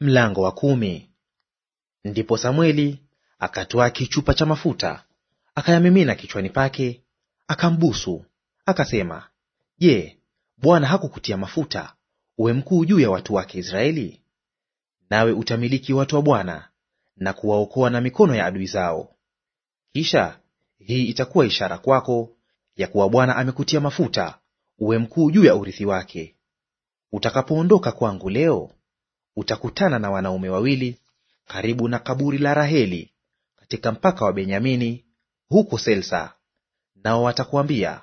Mlango wa kumi. Ndipo Samweli akatoa kichupa cha mafuta akayamimina kichwani pake, akambusu, akasema, Je, Bwana hakukutia mafuta uwe mkuu juu ya watu wake Israeli? Nawe utamiliki watu wa Bwana na kuwaokoa na mikono ya adui zao. Kisha hii itakuwa ishara kwako ya kuwa Bwana amekutia mafuta uwe mkuu juu ya urithi wake. Utakapoondoka kwangu leo utakutana na wanaume wawili karibu na kaburi la Raheli katika mpaka wa Benyamini huko Selsa, nao watakuambia,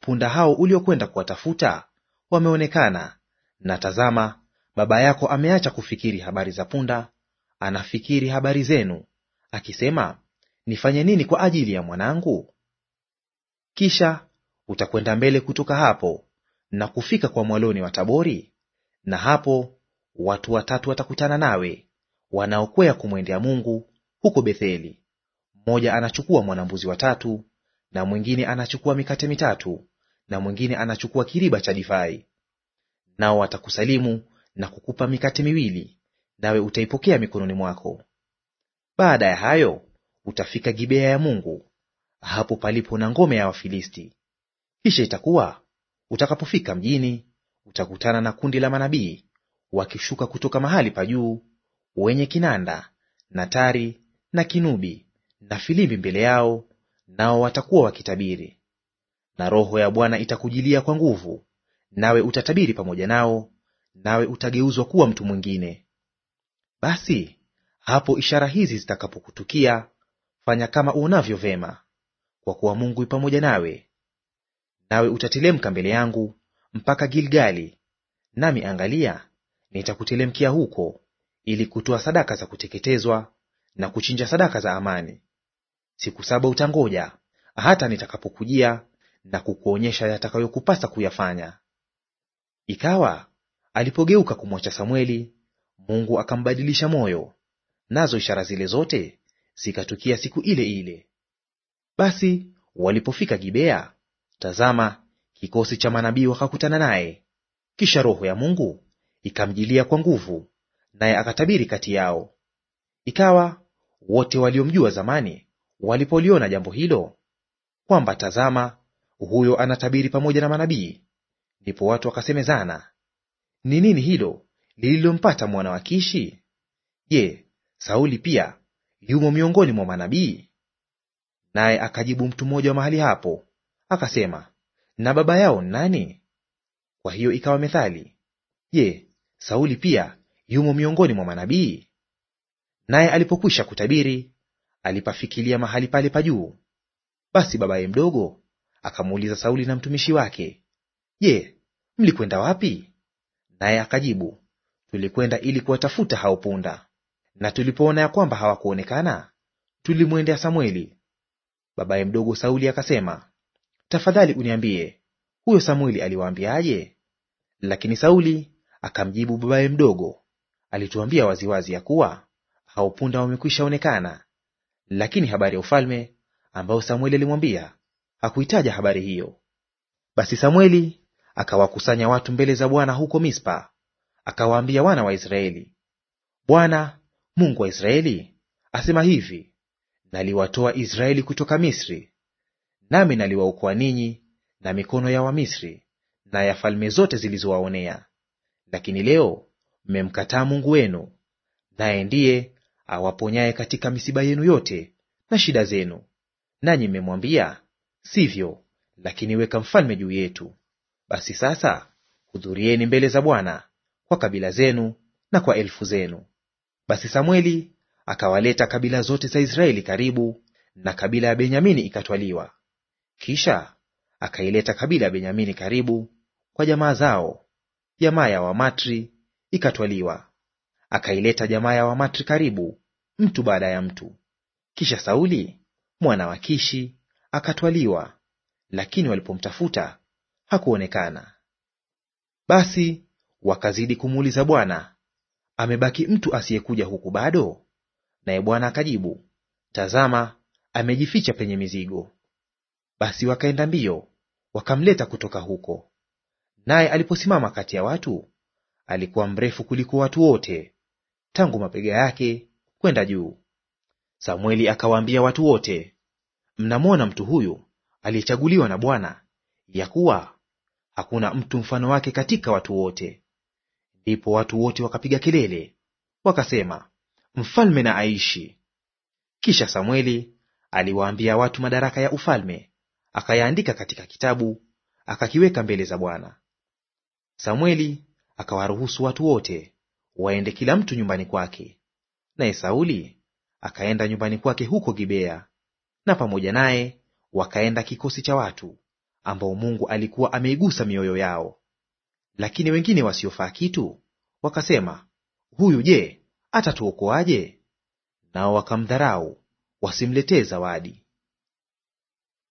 punda hao uliokwenda kuwatafuta wameonekana, na tazama, baba yako ameacha kufikiri habari za punda, anafikiri habari zenu, akisema, nifanye nini kwa ajili ya mwanangu? Kisha utakwenda mbele kutoka hapo na kufika kwa mwaloni wa Tabori, na hapo watu watatu watakutana nawe wanaokwea kumwendea Mungu huko Betheli. Mmoja anachukua mwanambuzi watatu, na mwingine anachukua mikate mitatu, na mwingine anachukua kiriba cha divai. Nao watakusalimu na kukupa mikate miwili, nawe utaipokea mikononi mwako. Baada ya hayo utafika Gibea ya Mungu, hapo palipo na ngome ya Wafilisti. Kisha itakuwa utakapofika mjini, utakutana na kundi la manabii wakishuka kutoka mahali pa juu, wenye kinanda na tari na kinubi na filimbi mbele yao, nao watakuwa wakitabiri. Na Roho ya Bwana itakujilia kwa nguvu, nawe utatabiri pamoja nao, nawe utageuzwa kuwa mtu mwingine. Basi hapo ishara hizi zitakapokutukia, fanya kama uonavyo vema, kwa kuwa Mungu yu pamoja nawe. Nawe utatelemka mbele yangu mpaka Gilgali, nami angalia, nitakutelemkia huko ili kutoa sadaka za kuteketezwa na kuchinja sadaka za amani. Siku saba utangoja hata nitakapokujia na kukuonyesha yatakayokupasa kuyafanya. Ikawa alipogeuka kumwacha Samweli, Mungu akambadilisha moyo, nazo ishara zile zote zikatukia siku ile ile. Basi walipofika Gibea, tazama, kikosi cha manabii wakakutana naye. Kisha Roho ya Mungu ikamjilia kwa nguvu, naye akatabiri kati yao. Ikawa wote waliomjua zamani walipoliona jambo hilo, kwamba tazama, huyo anatabiri pamoja na manabii, ndipo watu wakasemezana, ni nini hilo lililompata mwana wa Kishi? Je, Sauli pia yumo miongoni mwa manabii? Naye akajibu mtu mmoja wa mahali hapo akasema, na baba yao nani? Kwa hiyo ikawa methali. Je, Sauli pia yumo miongoni mwa manabii? Naye alipokwisha kutabiri, alipafikilia mahali pale pa juu. Basi babaye mdogo akamuuliza Sauli na mtumishi wake, Je, mlikwenda wapi? Naye akajibu, tulikwenda ili kuwatafuta hao punda, na tulipoona ya kwamba hawakuonekana, tulimwendea Samweli. Babaye mdogo Sauli akasema, tafadhali uniambie huyo Samweli aliwaambiaje? Lakini Sauli Akamjibu babaye mdogo, alituambia waziwazi ya kuwa hao punda wamekwisha onekana. Lakini habari ya ufalme ambayo Samueli alimwambia hakuitaja habari hiyo. Basi Samueli akawakusanya watu mbele za Bwana huko Mispa, akawaambia wana wa Israeli, Bwana Mungu wa Israeli asema hivi, naliwatoa Israeli kutoka Misri, nami naliwaokoa ninyi na mikono ya Wamisri na ya falme zote zilizowaonea. Lakini leo mmemkataa Mungu wenu, naye ndiye awaponyaye katika misiba yenu yote na shida zenu. Nanyi mmemwambia, sivyo, lakini weka mfalme juu yetu. Basi sasa hudhurieni mbele za Bwana kwa kabila zenu na kwa elfu zenu. Basi Samweli akawaleta kabila zote za Israeli karibu, na kabila ya Benyamini ikatwaliwa. Kisha akaileta kabila ya Benyamini karibu kwa jamaa zao, jamaa ya Wamatri ikatwaliwa. Akaileta jamaa ya Wamatri karibu, mtu baada ya mtu. Kisha Sauli mwana wa Kishi akatwaliwa, lakini walipomtafuta hakuonekana. Basi wakazidi kumuuliza Bwana, amebaki mtu asiyekuja huku bado? Naye Bwana akajibu, tazama, amejificha penye mizigo. Basi wakaenda mbio wakamleta kutoka huko. Naye aliposimama kati ya watu, alikuwa mrefu kuliko watu wote, tangu mapega yake kwenda juu. Samueli akawaambia watu wote, mnamwona mtu huyu aliyechaguliwa na Bwana, ya kuwa hakuna mtu mfano wake katika watu wote. Ndipo watu wote wakapiga kelele wakasema, mfalme na aishi. Kisha Samueli aliwaambia watu madaraka ya ufalme, akayaandika katika kitabu, akakiweka mbele za Bwana. Samweli akawaruhusu watu wote waende kila mtu nyumbani kwake. Naye Sauli akaenda nyumbani kwake huko Gibea, na pamoja naye wakaenda kikosi cha watu ambao Mungu alikuwa ameigusa mioyo yao. Lakini wengine wasiofaa kitu wakasema, huyu je, atatuokoaje? Nao wakamdharau wasimletee zawadi.